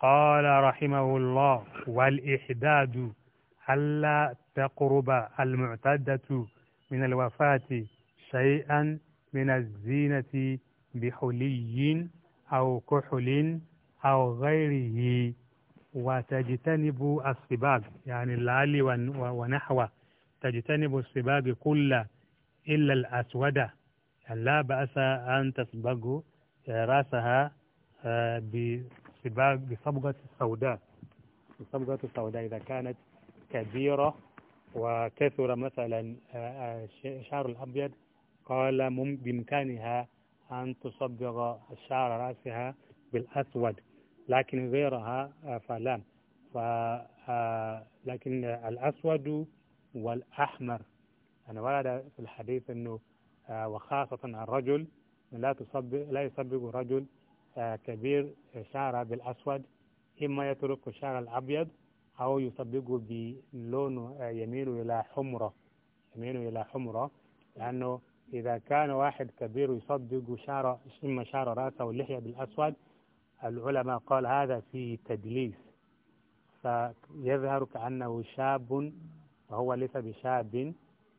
قال رحمه الله والإحداد ألا تقرب المعتدة من الوفاة شيئا من الزينة بحلي أو كحل أو غيره وتجتنب السباب يعني اللعل ونحوه تجتنب السباب كل إلا الأسود يعني لا بأس أن تصبغ رأسها آه، الباء بصبغة السوداء بصبغة السوداء إذا كانت كبيرة وكثر مثلا الشعر آه، الأبيض قال بإمكانها أن تصبغ شعر رأسها بالأسود لكن غيرها آه، فلا ف آه، لكن الأسود والأحمر أنا ورد في الحديث أنه وخاصة الرجل لا تصبغ لا يصبغ الرجل كبير شعر بالأسود إما يترك الشعر الأبيض أو يطبقه بلون يميل إلى حمرة يميل إلى حمرة لأنه إذا كان واحد كبير يصدق شعر إما شعر رأسه واللحية بالأسود العلماء قال هذا فيه تدليس فيظهر كأنه شاب وهو ليس بشاب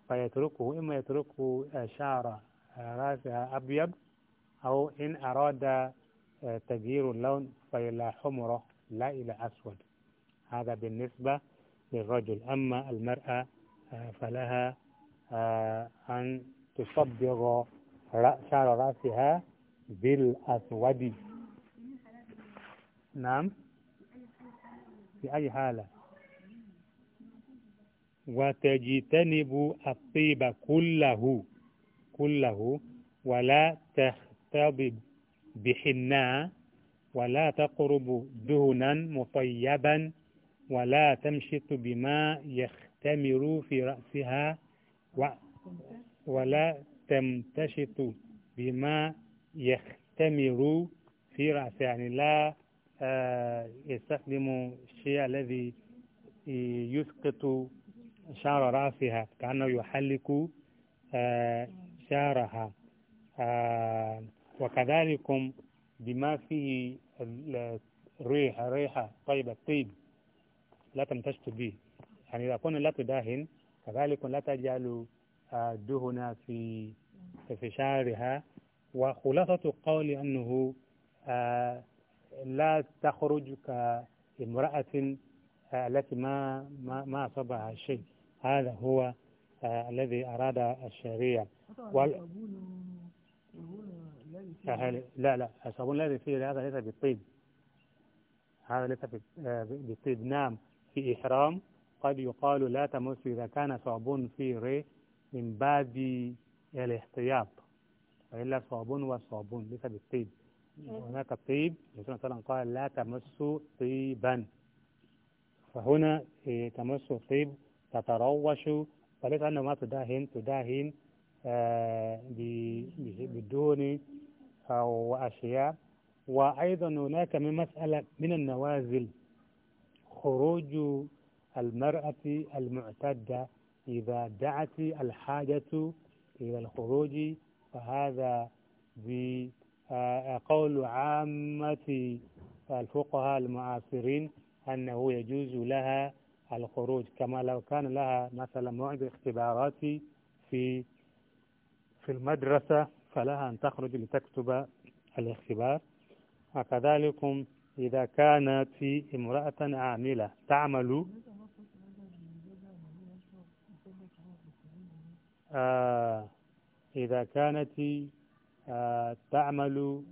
فيتركه إما يتركه شعر رأسه أبيض أو إن أراد تغيير اللون فإلى حمرة لا إلى أسود هذا بالنسبة للرجل أما المرأة آه، فلها آه، أن تصبغ شعر رأسها بالأسود نعم في أي حالة وتجتنب الطيب كله كله ولا تختبب بحناء ولا تقرب دهنا مطيبا ولا تمشط بما يختمر في رأسها و ولا تمتشط بما يختمر في رأسها يعني لا آه، يستخدم الشيء الذي يسقط شعر رأسها كأنه يحلق آه، شعرها آه، وكذلكم بما فيه الريحة ريحة طيبة الطيب لا تمتشت به يعني إذا كنا لا تداهن كذلك لا تجعل آه، دهنا في في شعرها وخلاصة قولي أنه آه، لا تخرج كامرأة آه، التي ما ما ما أصابها شيء هذا هو الذي أراد الشريعة وال... لا لا الصابون الذي فيه هذا ليس بالطيب هذا ليس آه، بالطيب نعم في إحرام قد يقال لا تمس إذا كان صابون في ري من باب الاحتياط وإلا صابون وصابون ليس بالطيب هناك طيب الرسول صلى الله عليه وسلم قال لا تمسوا طيبا فهنا تمس الطيب تتروش فليس أنه ما تداهن تداهن آه بدون وأشياء وأيضا هناك من مسألة من النوازل خروج المرأة المعتدة إذا دعت الحاجة إلى الخروج فهذا بقول عامة الفقهاء المعاصرين أنه يجوز لها الخروج كما لو كان لها مثلا موعد اختبارات في في المدرسة فلها أن تخرج لتكتب الاختبار وكذلك إذا كانت امرأة عاملة تعمل آه، إذا كانت آه، تعمل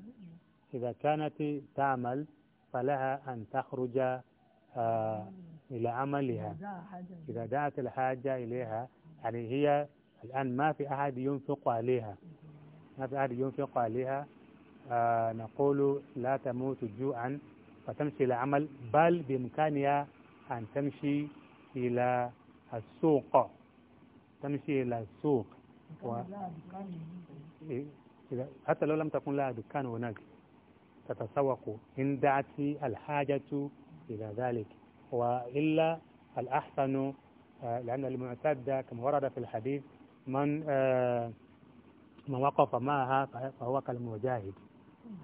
إذا كانت تعمل فلها أن تخرج آه، إلى عملها إذا دعت الحاجة إليها يعني هي الآن ما في أحد ينفق عليها ما أحد ينفق عليها آه نقول لا تموت جوعا فتمشي إلى عمل بل بإمكانها أن تمشي إلى السوق تمشي إلى السوق و... إيه، حتى لو لم تكن لها دكان هناك تتسوق إن دعت الحاجة إلى ذلك وإلا الأحسن آه، لأن المعتاد كما ورد في الحديث من آه من وقف معها فهو كالمجاهد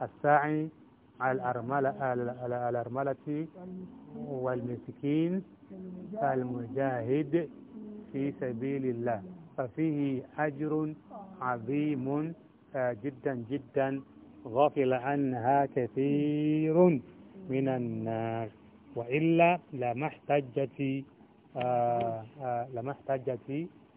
الساعي على الأرملة, على الأرملة والمسكين المجاهد في سبيل الله ففيه أجر عظيم آه، جدا جدا غفل عنها كثير من الناس وإلا لما احتجت آه، آه، لما احتجت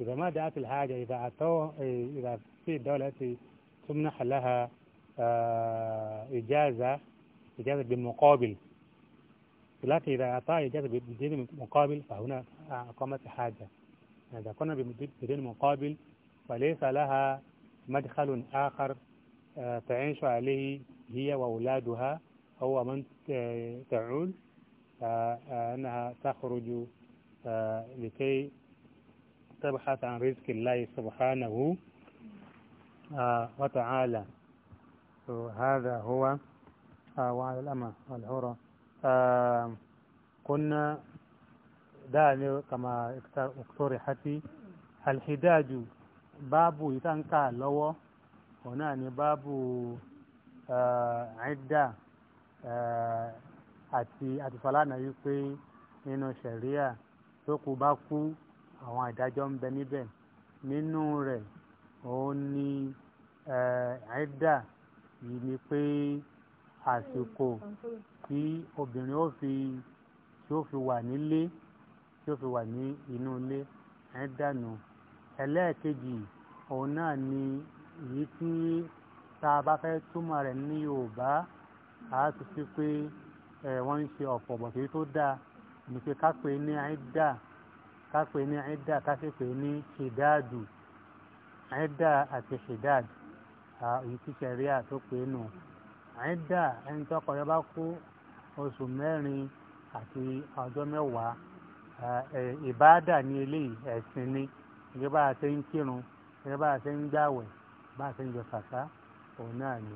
إذا ما دعت الحاجة إذا أعطوه إذا في دولة تمنح لها آه، إجازة إجازة بمقابل لكن إذا أعطى إجازة بدون مقابل فهنا أقامت حاجة إذا كنا بدون مقابل فليس لها مدخل آخر آه، تعيش عليه هي وأولادها أو من تعول آه، أنها تخرج لكي تبحث عن رزق الله سبحانه وتعالى هذا هو وعلى الأمة والحرة قلنا داني كما اقترحت الحداج باب يتنكى لو هنا باب عدة àti àtìfọlá náà wípé nínú ṣẹ̀ríà tó àwọn ìdájọ́ ń bẹ níbẹ̀ nínú rẹ̀ òun ni ẹ̀ẹ́dà yìí ni pé àsìkò tí obìnrin ó fi tí ó fi wà nílé tí ó fi wà ní inú ilé ẹ̀ẹ́dà nù ẹlẹ́ẹ̀kejì òun náà ni èyí tí tá a bá fẹ́ túmọ̀ rẹ̀ ní Yorùbá a ti fi pé wọ́n ń ṣe ọ̀pọ̀ bọ̀ tó dáa ní pé ká pè é ní àìdá kápẹ́ ní ẹ̀dá kápẹ́ ní ṣìdáàdù ẹ̀dá àti ṣìdáàdù èyí tí ṣẹ̀ríà tó pé nù ẹ̀dá ẹni tọkọ yẹn bá kú oṣù mẹ́rin àti ọjọ́ mẹ́wàá ìbáàdà ní eléyìí ẹ̀sìn ni gẹ́gẹ́ bá a ṣe ń kírun gẹ́gẹ́ bá a ṣe ń gbàwẹ̀ bá a ṣe ń jọ sàká òun náà ni.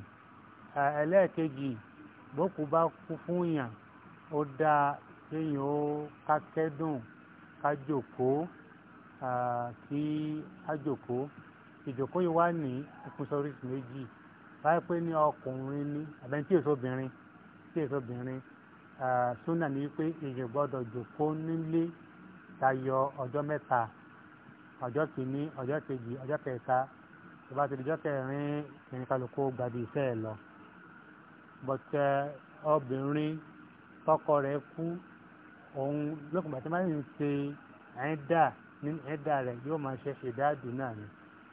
ẹlẹ́ẹ̀kejì bókú bá kú fún yàn ó dáa kéèyàn ó kákẹ́dùn ká jòkó kí á jòkó ìjòkó yìí wá ní ìpín sọríṣi méjì báyìí pé ní ọkùnrin ní àbẹ́ni tí èso obìnrin tí èso obìnrin súnà ní wípé èyí gbọ́dọ̀ jòkó nílé tayọ ọjọ́ mẹ́ta ọjọ́ kìíní ọjọ́ kejì ọjọ́ kẹta tó bá ti di ọjọ́ kẹrin ìrìn kálukú gbàdí iṣẹ́ ẹ̀ lọ bọ́tẹ́ obìnrin tọkọ rẹ̀ kú òun lọ́kùnrin bàtí máa ń ṣe ẹ̀dà ní ẹ̀dà rẹ̀ yóò máa ṣe ṣèdáàdù náà ni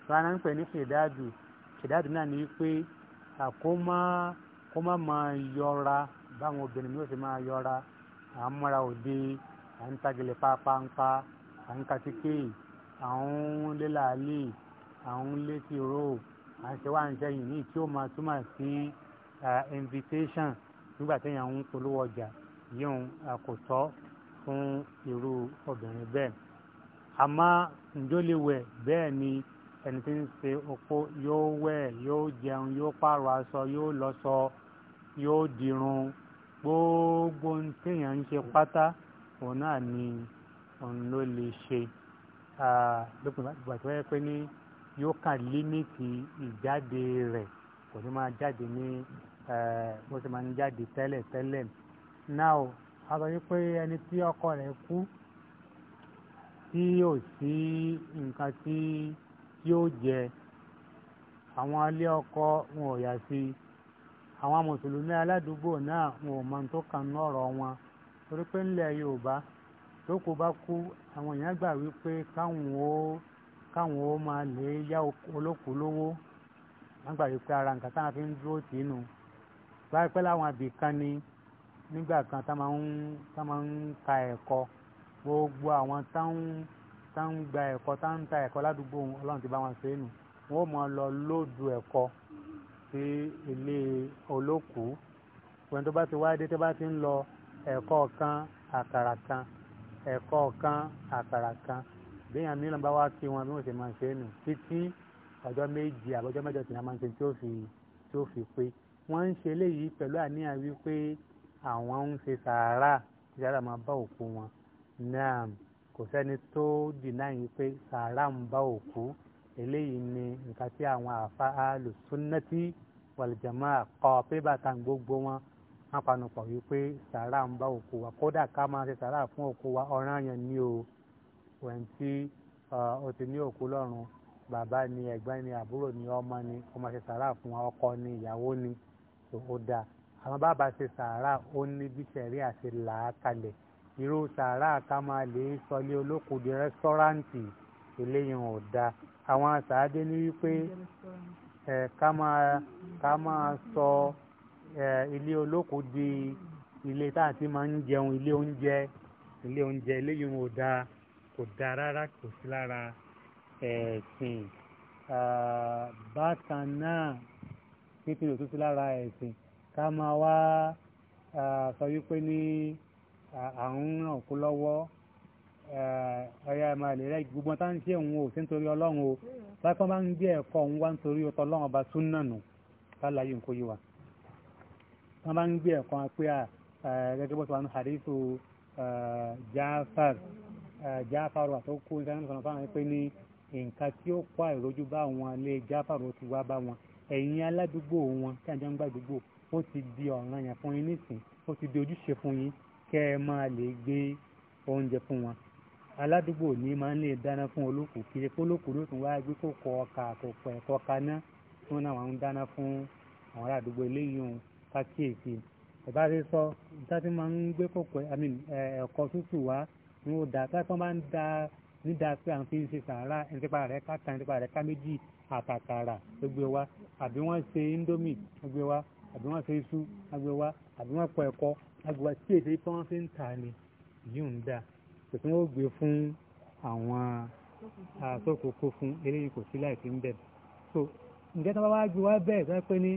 rárá ń pè ní ṣèdáàdù ṣèdáàdù náà ni wípé àkómá kó má máa yọra báwọn obìnrin mi ò ṣe máa yọra à ń múra òde à ń tagilẹ̀ pápánpá à ń katíkè à ń lélàálì à ń létí ro à ń ṣe wá ń ṣe yìí ní tí ó máa túmọ̀ sí invitation nígbà téèyàn ń polówó ọjà yíyún kò tọ́ fún irú obìnrin bẹ́ẹ̀ àmọ́ ǹdólewẹ̀ bẹ́ẹ̀ ni ẹni tí ń ṣe opó yóò wẹ̀ yóò jẹun yóò pààrọ̀ aṣọ yóò lọ́ṣọ yóò dirun gbogbo ohun téèyàn ń ṣe pátá òun náà ni òun ló lè ṣe lópin ìgbà tó yẹ pé ní yóò kàn límìtì ìjáde rẹ̀ kò ní máa jáde ní bó ṣe máa ń jáde tẹ́lẹ̀ tẹ́lẹ̀ náà. a sọ ẹni tí ọkọ rẹ̀ kú tí ò sí nǹkan tí yóò jẹ àwọn alẹ́ ọkọ wọn ò yà sí àwọn mùsùlùmí aládùúgbò náà wọn ò mọ tó kan nọ̀rọ̀ wọn torí pé ńlẹ̀ yorùbá tó bá kú àwọn èèyàn gbà wípé káwọn ó káwọn ó máa lè yá olókùú lówó wọn gbà wípé ni. nígbà kan tá máa ń tá máa ń ka ẹ̀kọ́ gbogbo àwọn táwọn táwọn gba ẹ̀kọ́ táwọn ta ẹ̀kọ́ ládùúgbò ọlọ́run ti bá wọn ṣe é nù wọ́n mọ̀ lọ lóòdù ẹ̀kọ́ sí ilé olóòkú wọn tó bá ti wá dé tó bá ti ń lọ ẹ̀kọ́ kan àkàrà kan ẹ̀kọ́ kan àkàrà kan béèyàn mìíràn bá wá kí wọn bí wọ́n ṣe máa ṣe é nù títí ọjọ́ méjì àbọ̀jọ́ mẹ́jọ tìǹbà máa ń ṣe tí ó fi pé wọ́n ń ṣe eléyìí pẹ̀lú àníyàn wípé àwọn ń ṣe sàárà ìyára máa bá òkú wọn náà kò sẹ́ni tó dìnnà yìí pé sàárà ń bá òkú eléyìí ni nǹkan tí àwọn àfa alùsùnnàtì wàlìjàmá kọ pé bàtà gbogbo wọn wọn panupọ̀ wípé sàárà ń bá òkú wa kódà ká máa ṣe sàárà fún òkú wa ọ̀ràn yẹn ni o wẹ̀n tí o ti ní òkú lọ́rùn bàbá ni ẹ̀gbọ́n ni àbúrò ni ọmọ ni ọmọ ṣe sàárà fún ọkọ ni ìyàwó ni tó ó dáa àwọn bàbá ṣe sàárà ó ní bí sẹ̀rí àti làákalẹ̀ irú sàárà ká máa lè sọlé olóko di rẹ́sítọ́ráǹtì eléyìí ò dáa àwọn sàádé ní wípé ẹ ká máa ká máa sọ ẹ ilé olóko di ilé tá à ti máa ń jẹun ilé oúnjẹ ilé oúnjẹ eléyìí ò dáa kò dáa rárá kò sí lára ẹ̀sìn bákan náà pípín òtútù lára ẹ̀sìn ká máa wá sọ wípé ní à ń ràn kú lọ́wọ́ ọ̀yà máa lè rẹ́ gbogbo tá ń ṣe òun ò sí nítorí ọlọ́run o bákan bá ń gbé ẹ̀kọ́ òun wá nítorí ọtọ ọlọ́run ọba súnà nù lálàyé nǹkó yìí wa wọ́n bá ń gbé ẹ̀kọ́ pé gẹ́gẹ́ bó ti wà ní hadithu Jafar Jafar wà tó kú ní sẹ́yìn sọ̀rọ̀ fáwọn pé ní nǹkan tí ó kó àìrójú bá wọn lé Jafar ó ti wá bá wọn ẹ̀yin aládùúgbò wọn tí àjọ ń gbàdúgbò ó ti di ọ̀ràn yẹn fún yín nísìn ó ti di ojúṣe fún yín kẹ́ ẹ máa lè gbé oúnjẹ fún wọn aládùúgbò ní máa ń lè dáná fún olókùú kiri pé olókùú ló tún wáá gbé kókó ọkà àkókò ẹ̀kọ́ kaná tí wọ́n náà wọ́n ń dáná fún àwọn aládùúgbò eléyìí òun kákíyèsí bàbá rẹ sọ ìtàtí máa ń gbé kókó ẹ̀kọ́ tútù wá ni ó dà tá tí wọ́n bá ń da nídàá pé à ń fi ṣe sàárà ẹnìtìpa rẹ káta ẹnìtìpa rẹ ká méjì àtàkàrà gbogbo wa àbí wọ́n ṣe índómì gbogbo wa àbí wọ́n fi iṣu agbe wa àbí wọ́n pọ̀ ẹ̀kọ́ agbe wa tí èsì pé wọ́n fi ń tà ni yìí ń dà kò tí wọ́n gbé fún àwọn àtòkòkò fún eléyìí kò sí láìsí ń bẹ̀. so ǹjẹ́ tí wọ́n wá gbé wá bẹ́ẹ̀ sọ pé ní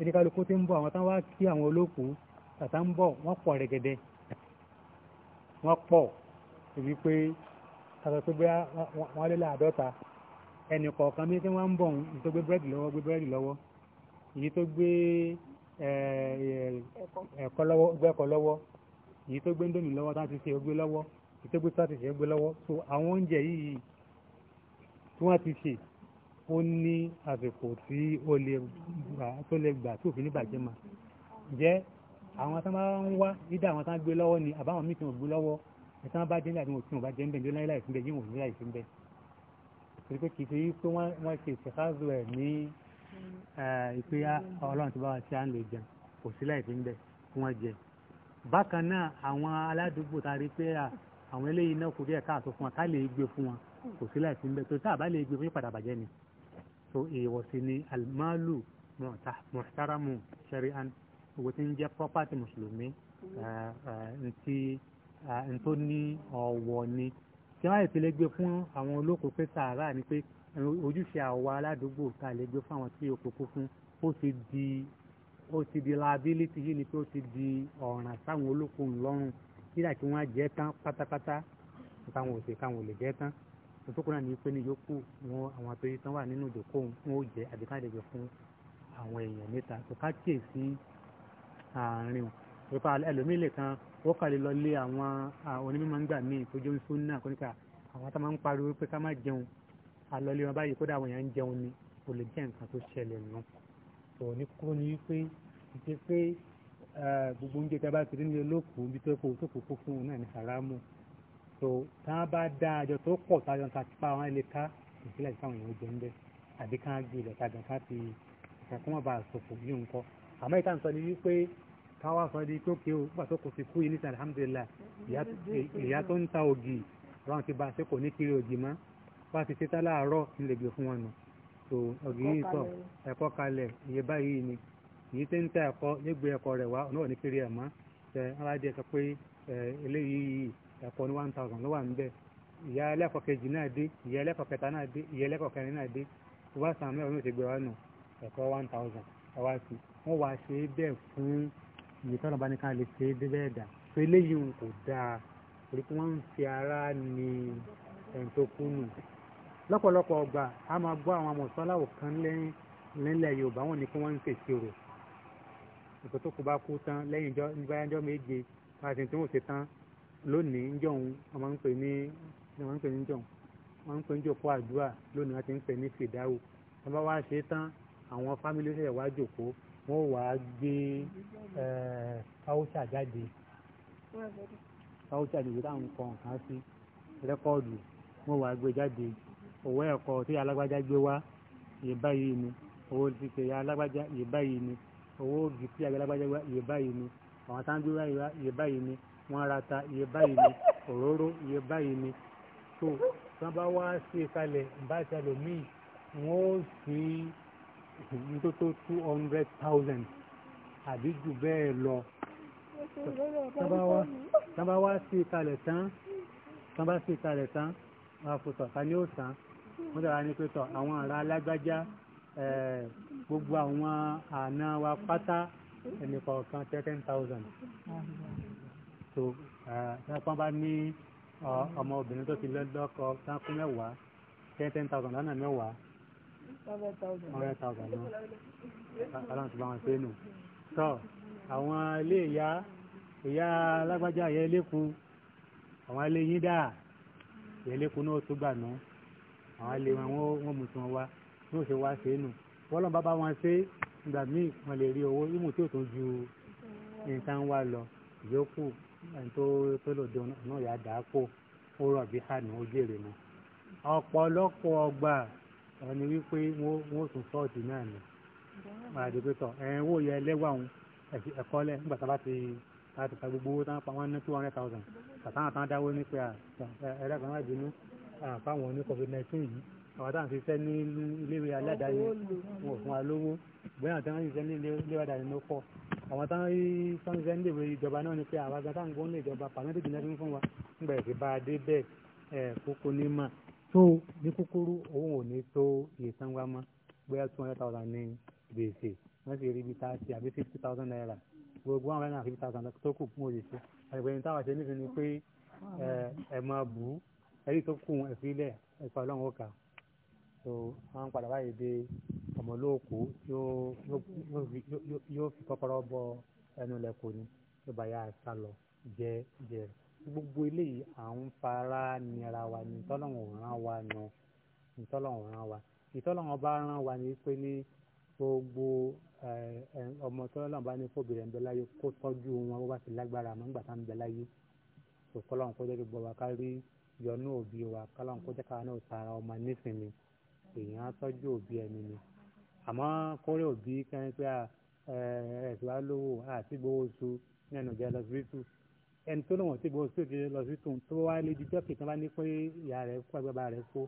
ẹni kálukú ti ń bọ̀ àwọn tí wọ́n wá kí àwọn olóòkú tàtà ń bọ̀ wọ́n pọ̀ rẹ̀gẹ̀dẹ̀ wọ́n pọ̀ èyí pé kàtà pé bóyá wọ́n lé láàdọ́ta ẹnì kọ̀ọ̀kan bí wọ́n ń bọ̀ ń tó gbé búrẹ́dì lọ́wọ́ gbé búrẹ́dì lọ́wọ́ èyí tó gbé ẹ̀kọ́ lọ́wọ́ gbẹ́kọ̀ lọ́wọ́ èyí tó gbé ń dòmí lọ́wọ́ táwọn ti ṣe ogbé lọ́wọ́ èyí tó gbé tó ti ṣe ogbé lọ́wọ́ so àwọn oúnjẹ yìí tí wọ́n ti ṣe ó ní àsìkò tí ó lè gbà tó lè gbà tí òfin ní bàjẹ́ mà jẹ́ àwọn tó máa ń wá dídá àwọn tó ń gbé lọ́wọ́ ni àbáwọn míì tí wọ́n gbé lọ́wọ́ ẹ̀sán bá dé nígbà tí wọ́n bá jẹ́ ń bẹ̀ ní láìláì fún bẹ́ẹ̀ yíwọ̀n ní láì fún bẹ́ẹ̀ torí pé kì í ṣe wí pé wọ́n ṣe ìṣèkáàzù ẹ̀ ní ìpè ọlọ́run ti bá wa ti à ń lè jẹun kò sí láì fi ń bẹ kí wọ́n jẹ bákan náà àwọn aládùúgbò ta rí pé àwọn eléyìí náà kò rí ẹ̀ka àtọ́ fún wọn ká lè gbé fún wọn kò sí láì fi ń bẹ tó tá a bá lè gbé fún ìpadà bàjẹ́ ni so ìwọ̀sí ni alimalu muhtaramu shari'an owó tí ń jẹ́ property mùsùlùmí ntí ntó ní ọ̀wọ̀ ni tí wọ́n á yẹ ti lè gbé fún àwọn olóko pé sàárà ni pé ojúṣe àwa aládùúgbò tá a lè gbé fáwọn tí o kò kú fún ó ti di ó ti di liability yìí ni pé ó ti di ọ̀ràn sáwọn olókùn lọ́rùn nígbà tí wọ́n á jẹ́ tán pátápátá táwọn ò sì káwọn ò lè jẹ́ tán òtúkùn náà ní pé ní yòókù wọn àwọn àpèjì tán wà nínú ìdókòwò wọn ó jẹ àdìkàdìgbẹ fún àwọn èèyàn níta tó ká kíyèsí àárín ìpa ẹlòmíì lè kan ó kàlè lọ lé àwọn onímọ̀ míì tó jẹun sún náà kọ́níkà àwọn tá máa ń pariwo pé ká má jẹun àlọ́lé wọn báyìí kódà àwọn èèyàn ń jẹun ni kò lè jẹ́ nǹkan tó ṣẹlẹ̀ nù. tó ní kúrò ní wípé ìṣe pé gbogbo oúnjẹ tí a bá ti rí ní olóòkú ibi tó kó tó kó kó fún un náà ní haramu. tó tá a bá dá àjọ tó pọ̀ tá a jọ ń ta àwọn ilé ká ìpínlẹ̀ tí àwọn èèyàn jẹ ń àbí ká gbé ilẹ̀ tajà ká fi ìkàkùn bá a sòfò bí nǹkan. àmọ́ ìta nǹkan ni wípé káwá sọ di tó kéwò nígbà tó kò fi kú yìí nísìnyí alhamdulilayi ìyá tó ń ta ògì ọlọ́run ti ba ṣé kò ní kiri ògì mọ́ bá ti ṣe tálà àárọ̀ fún wọn nù tó ọ̀gìn yìí tọ̀ ẹ̀kọ́ kalẹ̀ iye báyìí ni èyí tí ń ta ẹ̀kọ́ nígbé ẹ̀kọ́ rẹ̀ wá ọ̀nà òní kiri ẹ̀ mọ́ ẹ aládìẹ di pé eléyìí ẹ̀kọ́ ní one thousand ló wà ń ìyá ẹlẹ́kọ̀ọ́ kejì náà dé ìyá ẹlẹ́kọ̀ọ́ kẹta náà dé ìyá ẹlẹ́kọ̀ọ́ kẹrin náà dé tó bá wa nù ẹ̀kọ́ one thousand ẹ wá sí wọ́n wá ṣe é bẹ́ẹ̀ fún ìyí tọ́nà bá lọ́pọ̀lọpọ̀ ọgbà a máa gbọ́ àwọn amọ̀sọ́láwò kan lẹ́yìn nílẹ̀ yorùbá wọn ni kí wọ́n ń ṣèṣirò ìkó tó kú bá kú tán lẹ́yìn ìbáyájọ́ méje pàṣẹ tí wọ́n ṣe tán lónìí ń jọ̀hún wọ́n máa ń pè ní wọ́n máa ń pè ní jọ̀hún wọ́n máa ń pè ní jòkó àdúrà lónìí wọ́n ti ń pè ní fìdáwò wọ́n bá wá ṣe tán àwọn fámìlì ṣẹ̀ wá jòkó wọ́n wá gbé káwọ́sà jáde káwọ́sà jáde táwọn kan kan sí rẹ́kọ́ọ̀dù wọ́n wá gbé jáde owó ẹ̀kọ́ tí alágbájá gbé wá yè báyìí ni owó títẹ̀ alágbájá yè báyìí ni owó ògì tí alágbájá wá yè báyìí ni àwọn táǹgbé wá yè báyìí ni wọ́n ra ta yè báyìí ni òróró yè báyìí ni tó tán bá wá sí kalẹ̀ bá ṣẹlẹ̀ míì wọ́n ó sí nítòtò two hundred thousand àbí jù bẹ́ẹ̀ lọ tán bá wá sí kalẹ̀ tán tán bá sí kalẹ̀ tán wọ́n á fòtò àkàní ó sàn wọ́n dára ní pé tọ̀ àwọn ará alágbájá gbogbo àwọn àna wa pátá ẹnìkọ̀ọ̀kan ten thousand so ẹ̀ẹ́dẹ́gbọ́n bá ní ọmọ obìnrin tó ti lọ́kọ sáńkú mẹ́wàá ten ten thousand lọ́nà mẹ́wàá one thousand náà balance bá wọn pé nù tọ́ àwọn ilé ìyá ìyá alágbájá ìyá eléku àwọn ilé yín dáa ìyá eléku náà tó gbà náà àwọn ilé wọn wọ́n mú tí wọ́n wá tí wọ́n ṣe wá ṣe é nù wọ́n lọ́n bá bá wọn ṣe ìgbà míì wọ́n lè rí owó ìmù tí ò tó ju nǹkan wá lọ ìyókù ẹni tó tó lòdì náà yà dá pò ó rọ̀ bí hànú ó jèrè mu ọ̀pọ̀lọpọ̀ ọgbà ẹni wípé wọ́n sùn sọ́ọ̀tì náà ni máa dé pé tọ̀ ẹ̀ ń wò yẹ ẹlẹ́wà òun ẹ̀kọ́ lẹ̀ nígbà tá a bá ti láti ta gbogbo owó tán pa wọ́n ní two hundred thousand tàtàwọn àtàwọn dáwọ́ ní pé ẹ̀rẹ́ kan láì bínú fáwọn oní covid nineteen yìí àwọn táwọn fi fẹ́ ní iléèwé aládàáni wọn ò fún wa lówó bóyá táwọn fi fẹ́ ní iléèwé aládàáni ló pọ̀ àwọn táwọn fi fẹ́ ní iléèwé ìjọba náà ni pé àwọn àgbà táwọn gbọ́n lé ìjọba pàmẹ́tì jìnnà fi fún wa nígbà èsì bá a dé bẹ́ẹ̀ ẹ̀ kókó ní mà tó ní kúkúrú òun ò ní tó iye sanwó àmọ́ bóyá two hundred thousand ní gbèsè wọ́n sì rí ibi tá a ṣe àbí fifty thousand naira gbogbo àwọn ẹ̀rí tó kù ẹ̀fí lẹ̀ ẹ̀fọ́ ọlọ́run ọ̀kà so àwọn padà báyìí dé ọmọ olóòkú yóò fi kọ́kọ́rọ́ bọ ẹnu lẹ́kọ̀ọ́ ni tó bá yà sá lọ jẹ jẹ gbogbo eléyìí à ń fara nira wa ní ìtọ́lọ́run ò rán wa nù ìtọ́lọ́run ò rán wa ìtọ́lọ́run ọba rán wa ní pé ní gbogbo ọmọ tọ́lọ́run bá ní fòbìrẹ̀ ń bẹ láyé kó tọ́jú wọn bó bá ti lágbára àmọ́ ńgbà tá ń bẹ láyé kò kọ́lọ́run kó jẹ́ gbogbo wa ká rí yọnú òbí wa kálọ̀n kó jẹ́ ká náà tara ọmọ nísìnyí èèyàn á tọ́jú òbí ẹni ni àmọ́ kórè òbí kẹ́rin pé ẹ̀sùn á lówó àti gbowó oṣù nínú ìjà lọ́sibítù ẹni tó lòun ti gbowó oṣù ti lọ́sibítù tó wá lé jíjọ́ kì í tán bá ní pé ìyá rẹ̀ kó ẹgbẹ́ bá rẹ̀ kó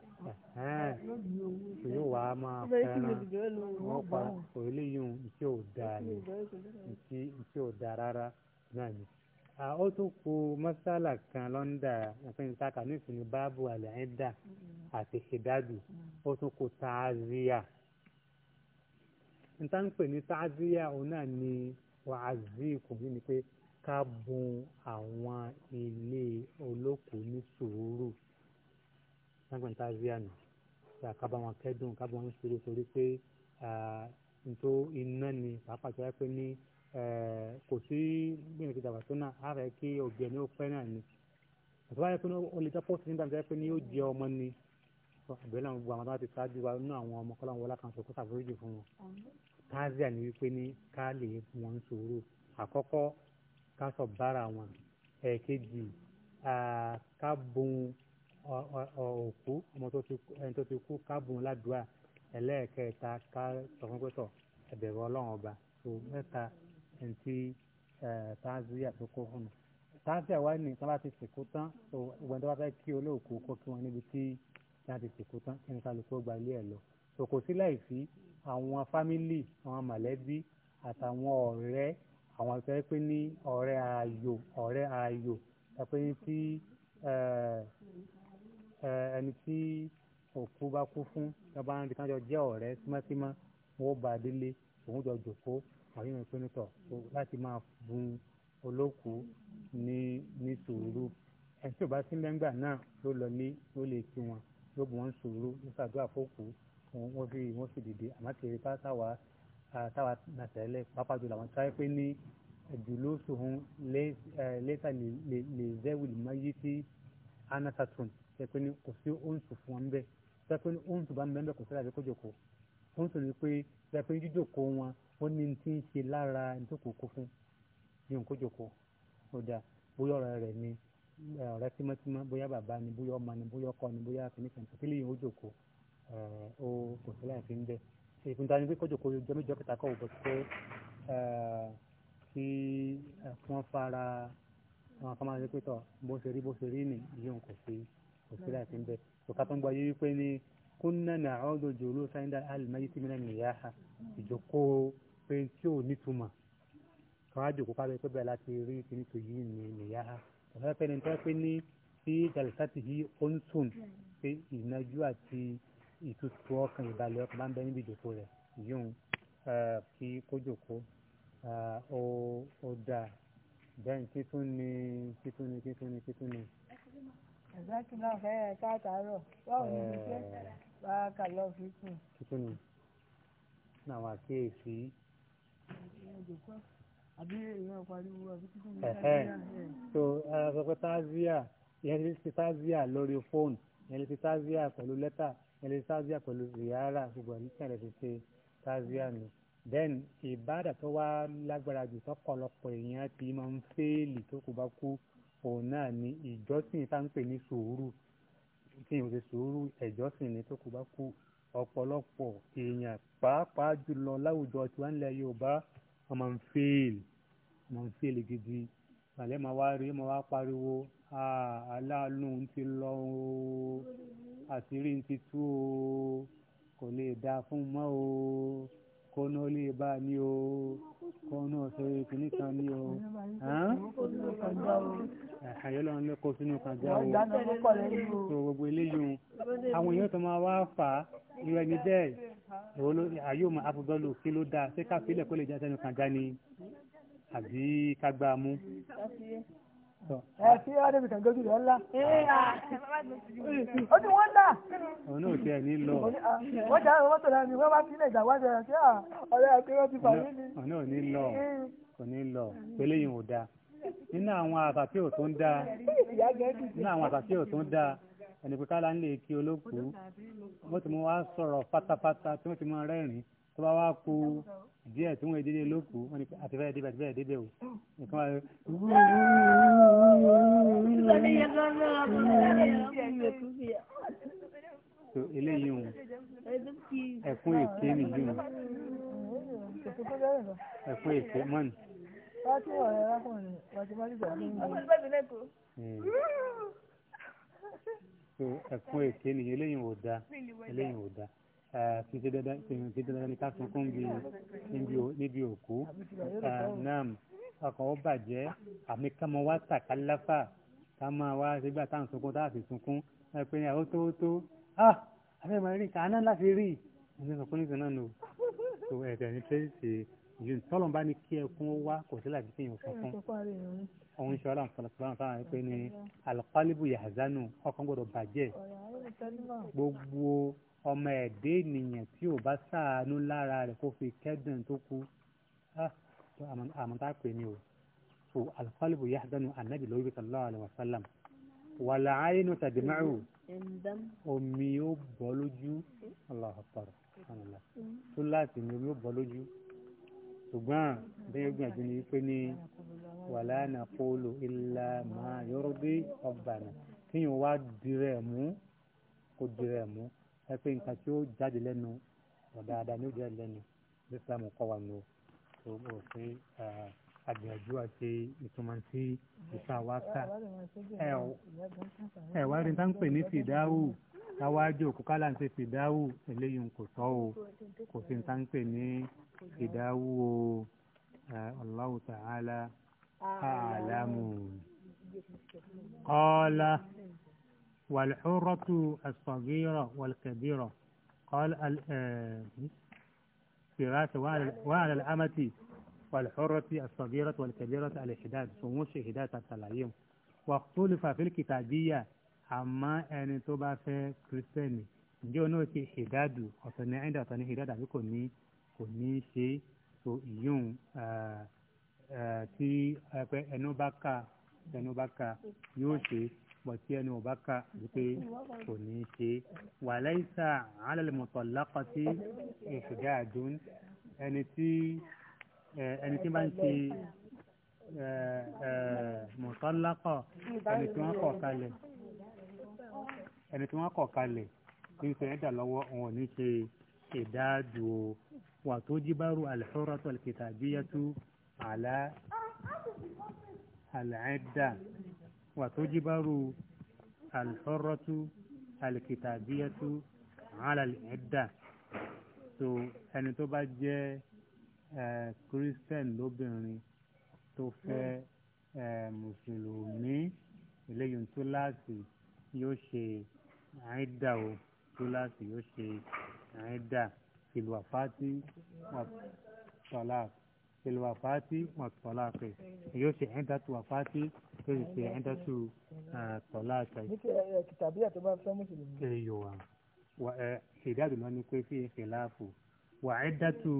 yóò wá máa fẹ́ràn wọ́n pa òrìlẹ́yìn ìṣe ò dáa ni ìṣe ò dáa rárá náà ni ó tún kù mọ́sálà kan lọ́ndà òfin ìtaka nísìnyí báàbù àlẹ́ẹ̀dà mm-hmm. àti ìdádù mm-hmm. ó tún kù tààzíyà níta ń pè ní tààzíyà òun náà ni wàázìkù yìí ni pé ká bùn àwọn ilé olókùú ní sùúrù lágbọ̀n tààzíyà nù ká bá wọn kẹ́dùn ká bá wọn ṣeré torí pé nítorí iná ni pàápàá tó yẹ pé ní. Eh, kò sí gbìyànjú ìdàgbà tó náà á rẹ kí òbí ẹni ó pẹ́ náà ni àti wáyé pé ó lè jẹ́ pọ́ọ̀sì nígbà tó yẹ pé ni yóò jẹ ọmọ ni àbẹ̀wò làwọn gbogbo àwọn tó bá ti ṣáájú wa nínú àwọn ọmọ kọ́lá wọn lákàtúntò kó ṣàforíjì fún wọn káàzíà ni wípé ní ká lè wọn sòrò àkọ́kọ́ ká sọ bára wọn ẹ̀ẹ̀kejì ká bun òkú ọmọ tó ti kú ká bun ládùúà ẹlẹ́ẹ̀kẹta ká sọ fún pẹ́tọ̀ ẹ̀bẹ̀rẹ̀ ọlọ́run ọba tó mẹ́ta ntí tààzíà tó kó fún mi tààzíà wá ní sábà ti sìnkú tán ìwọ̀n tó bá fẹ́ kí olóòkú kó kí wọn níbi tí wọ́n ti sìnkú tán kí nǹkan lóko gba ilé ẹ̀ lọ so kò sí láì sí àwọn fámìlì àwọn mọ̀lẹ́bí àtàwọn ọ̀rẹ́ àwọn tó yẹ pé ní ọ̀rẹ́ ààyò ọ̀rẹ́ ààyò ẹ pé ní tí ẹni tí òkú bá kú fún ẹ bá ń di kájọ jẹ́ ọ̀rẹ́ tímọ́tímọ́ wọn ó bá délé òun jọ jòkó àbí mi pín tọ̀ láti máa bùn olóòkú ní ní sùúrù ẹni tí ò bá sí mẹ́ngbà náà ló lọ ní ló lè kí wọn ló bù wọn sùúrù ló ṣàdúrà fókù wọn fi wọn sì dìde àmọ́ kiri ká táwa táwa nàtẹ́lẹ̀ pápá jùlọ àwọn táyé pé ní julusuhum lẹ́tà lè zẹ́wìlì máyé tí anasatun ṣe pé ní kò sí oúnjẹ fún wọn bẹ́ẹ̀ ṣe pé ní oúnjẹ bá ń bẹ́ẹ̀ kò sí àbíkójòkó oúnjẹ ni pé ṣe pé ní jíjòkó wọn ó ní ti ń ṣe lára tó kò kó fún bí n kó jòkó ó dáa bóyá ọ̀rọ̀ rẹ̀ ni ọ̀rẹ́ tímọ́tímọ́ bóyá bàbá ni bóyá ọmọ ni bóyá ọkọ ni bóyá kìnnìkan tó kílì yìí ó jòkó ó kò sí láì fi ń bẹ ìpínta ni pé kó jòkó ọjọ́ méjì ọ̀kẹ́ta kọ̀ wọ́n pé kí wọ́n fara àwọn kan máa ń pẹ́ tọ̀ bó ṣe rí bó ṣe rí ni yóò kò sí kò sí láì fi ń bẹ òkà tó ń gbọ́ yé wípé ni kúnnà nàá ọ̀dọ̀ jòló sáyẹ́ndà pé tí ò nítumọ̀ káwá jòkó ká bẹ́ẹ̀ pé bẹ́ẹ̀ láti rí kíní tó yí ni nìyá ha ọ̀sán pẹ́ni tó pé ní tí jalisati yìí ó ń sùn pé ìnájú àti ìtutù ọkàn ìbalẹ̀ ọkàn máa ń bẹ níbi ìjòkó rẹ̀ yóò kí kó jòkó ó dáa bẹ́ẹ̀ kí tún ni kí tún ni kí tún ni kí tún ni. ẹ̀gbẹ́ kí náà fẹ́ ẹ káàtàárọ̀ báwo ni iṣẹ́ bá kà lọ́ọ́ fi kù. kí tún ni so àgbẹ̀pẹ̀ tazia ìyẹn lè ṣe tazia lórí fóònù ìyẹn lè ṣe tazia pẹ̀lú lẹ́tà ìyẹn lè ṣe tazia pẹ̀lú ziyara ṣùgbọ́n níta lè ṣe ṣe tazia nù then ìbáàdà tó wá lágbára jù tọ́pọ̀lọpọ̀ èèyàn ti máa ń fẹ́ẹ̀lì tó kò bá kú òun náà ni ìjọsìn tá ń pè ní sùúrù tí ìwé ṣe sùúrù ẹ̀jọ́sìn ni tó kò bá kú ọ̀pọ̀lọpọ̀ èèyàn pàápàá jùlọ láwùjọ tiwa nílẹ̀ Yorùbá wọ́n máa ń fail wọ́n máa ń fail gidi àlẹ́ máa wá rí máa wá pariwo aláàánú ń ti lọ ooo àṣírí ń ti tú ooo kò lè dá fún mọ́ ooo kọ́nà lè bá ní ooo kọ́nà ṣe kìíní kan ní ooo. ẹ̀yọ́ lọ́run lẹ́kọ̀ọ́ sínú kan já ooo. gbogbo eléyìí àwọn èèyàn tó máa wá fà á irú ẹni bẹ́ẹ̀ èwo ló àyò máa afúgbọ́lù kí ló dáa ṣé káfílẹ̀ kó lè jẹ́ sẹ́nu kan ni àbí kágbá mú. ẹ sí ọdún mi kàn gbójú rẹ ńlá. ó ti wọ́n dà. òun náà tiẹ̀ ní lọ. wọ́n ah, jà wọ́n tó lẹ́nu wọ́n bá sílẹ̀ ìjà wájú ẹ̀ sí ọ̀rẹ́ àti wọ́n ti fà ni. òun náà ní lọ hmm. kò ní lọ pélé yìí ò dáa nínú àwọn àbàtì ò tó ń dáa nínú àwọn àbàtì ò tó ń dáa ẹni pé káàlà ń lè kí olókùú wọ́n ti mú wá sọ̀rọ̀ pátápátá tí wọ́n ti mú rẹ́rìn tó bá wá kú díẹ̀ tí wọ́n èdè lókùú wọ́n ni àti fẹ́ẹ́ débẹ̀ àti fẹ́ẹ́ débẹ̀ o nǹkan wá rẹ̀. so eléyìí o ẹ̀fún èké nìyí o ẹ̀fún èké mọ́ni. Wọ́n ti wọ̀ ẹ́ rákùnrin, wọ́n ti mọ́ so ẹ̀kún èké ni eléyìí ò da eléyìí ò da kìí dandan ní ká sunkún níbi òkú nam ọkàn ó bàjẹ́ àmì ká mọ wá tàkálàfà ká máa wá sígbà tá à ń sunkún tá à sì sunkún ẹ pé ní àwọn tó tó ah àbẹ́ màá rí nǹkan aná láti rí ìṣẹ́ sọ̀kún nìkan náà nù so ẹ̀tẹ̀ ní tẹ́sí yìí tọ́lọ̀ bá ní kí ẹkún wá kò sí láti fi yàn fún fún òun ṣe ọlọ́run sọ̀rọ̀ sọ̀rọ̀ àwọn pé ní alùpàlìbù yàzánù ọkàn gbọ́dọ̀ bàjẹ́ gbogbo ọmọ ẹ̀dẹ́ ènìyàn tí ò bá ṣàánú lára rẹ̀ kó fi kẹ́dùn tó kú àmọ́tá pè ní o so alùpàlìbù yàzánù ànábì lórí sallallahu alaihi wasallam wàlà àyínú tàdímẹ́rù omi ó bọ́ lójú aláhàpàrọ̀ tó láti ní omi ó bọ́ lójú ṣùgbọ́n bí ó gbìyànjú ni pé ní wàlá naqulu illa ma yurdi rabbana kíyàn wá dirẹ̀ mú kó dirẹ̀ mú ẹ pé nǹkan tí ó jáde lẹ́nu ọ̀dáadáa ni ó jáde lẹ́nu bí Islam kọ́ wa nù ó mọ̀ pé àgbẹ̀jú àti ìtumọ̀ sí ìfàwákà ẹ̀ wá rí táǹpẹ̀ ní fìdáhù. tawájú òkú kálá fìdáwù eléyìí kò sọ o kò sí nǹkan pè ní fìdáwù o Allahu ta'ala a'lamu. قال والحرة الصغيرة والكبيرة قال الفراسة وعلى الأمة والحرة الصغيرة والكبيرة الإحداد سموش إحداد التلايم واختلف في الكتابية àmọ́ ẹni tó bá fẹ́ kírísítẹ́nì ǹjẹ́ òun náà ṣe ìdádù ọ̀tọ̀ ní ẹ̀ńdà ọ̀tọ̀ ní ìdádù àbí kò ní kò ní í ṣe so ìyóhùn tí ẹnu bá kà ẹnu bá kà yóò ṣe pọ̀ tí ẹnu ò bá kà wípé kò ní í ṣe wàláìsà alẹ́lẹ́mọ̀tọ̀ lápàtí ìṣẹ̀dá àdún ẹni tí ẹni tí bá ń ṣe mọ̀tọ́lákọ̀ ẹni tí wọ́n kọ̀ kalẹ̀ ẹni tí wọ́n kọ̀ kalẹ̀ ní sọ ẹ̀dà lọ́wọ́ wọn ní ṣe ìdájọ́ wà tó jíbárù alḥuratu alkitabiyatu àlá àlẹ́dà wà tó jíbárù alḥuratu alkitabiyatu àlá àlẹ́dà so ẹni tó bá jẹ́ kírísítẹ́nì lóbìnrin tó fẹ́ mùsùlùmí eléyìí tó láti yóò ṣe àìdá o tó láti yóò ṣe àìdá tìlùwàfáàtì wàtọ́lá tìlùwàfáàtì wàtọ́lá pẹ̀ yóò ṣe àìdá tìlùwàfáàtì yóò ṣe àìdá tù tọ́lá pẹ̀. ní kí ẹ kìtàbí àti bá fẹ́ mùsùlùmí. ẹ yọ wa ẹ ṣèdádùn náà ni pé fi ìfẹ́ láàfù wà àìdá tù.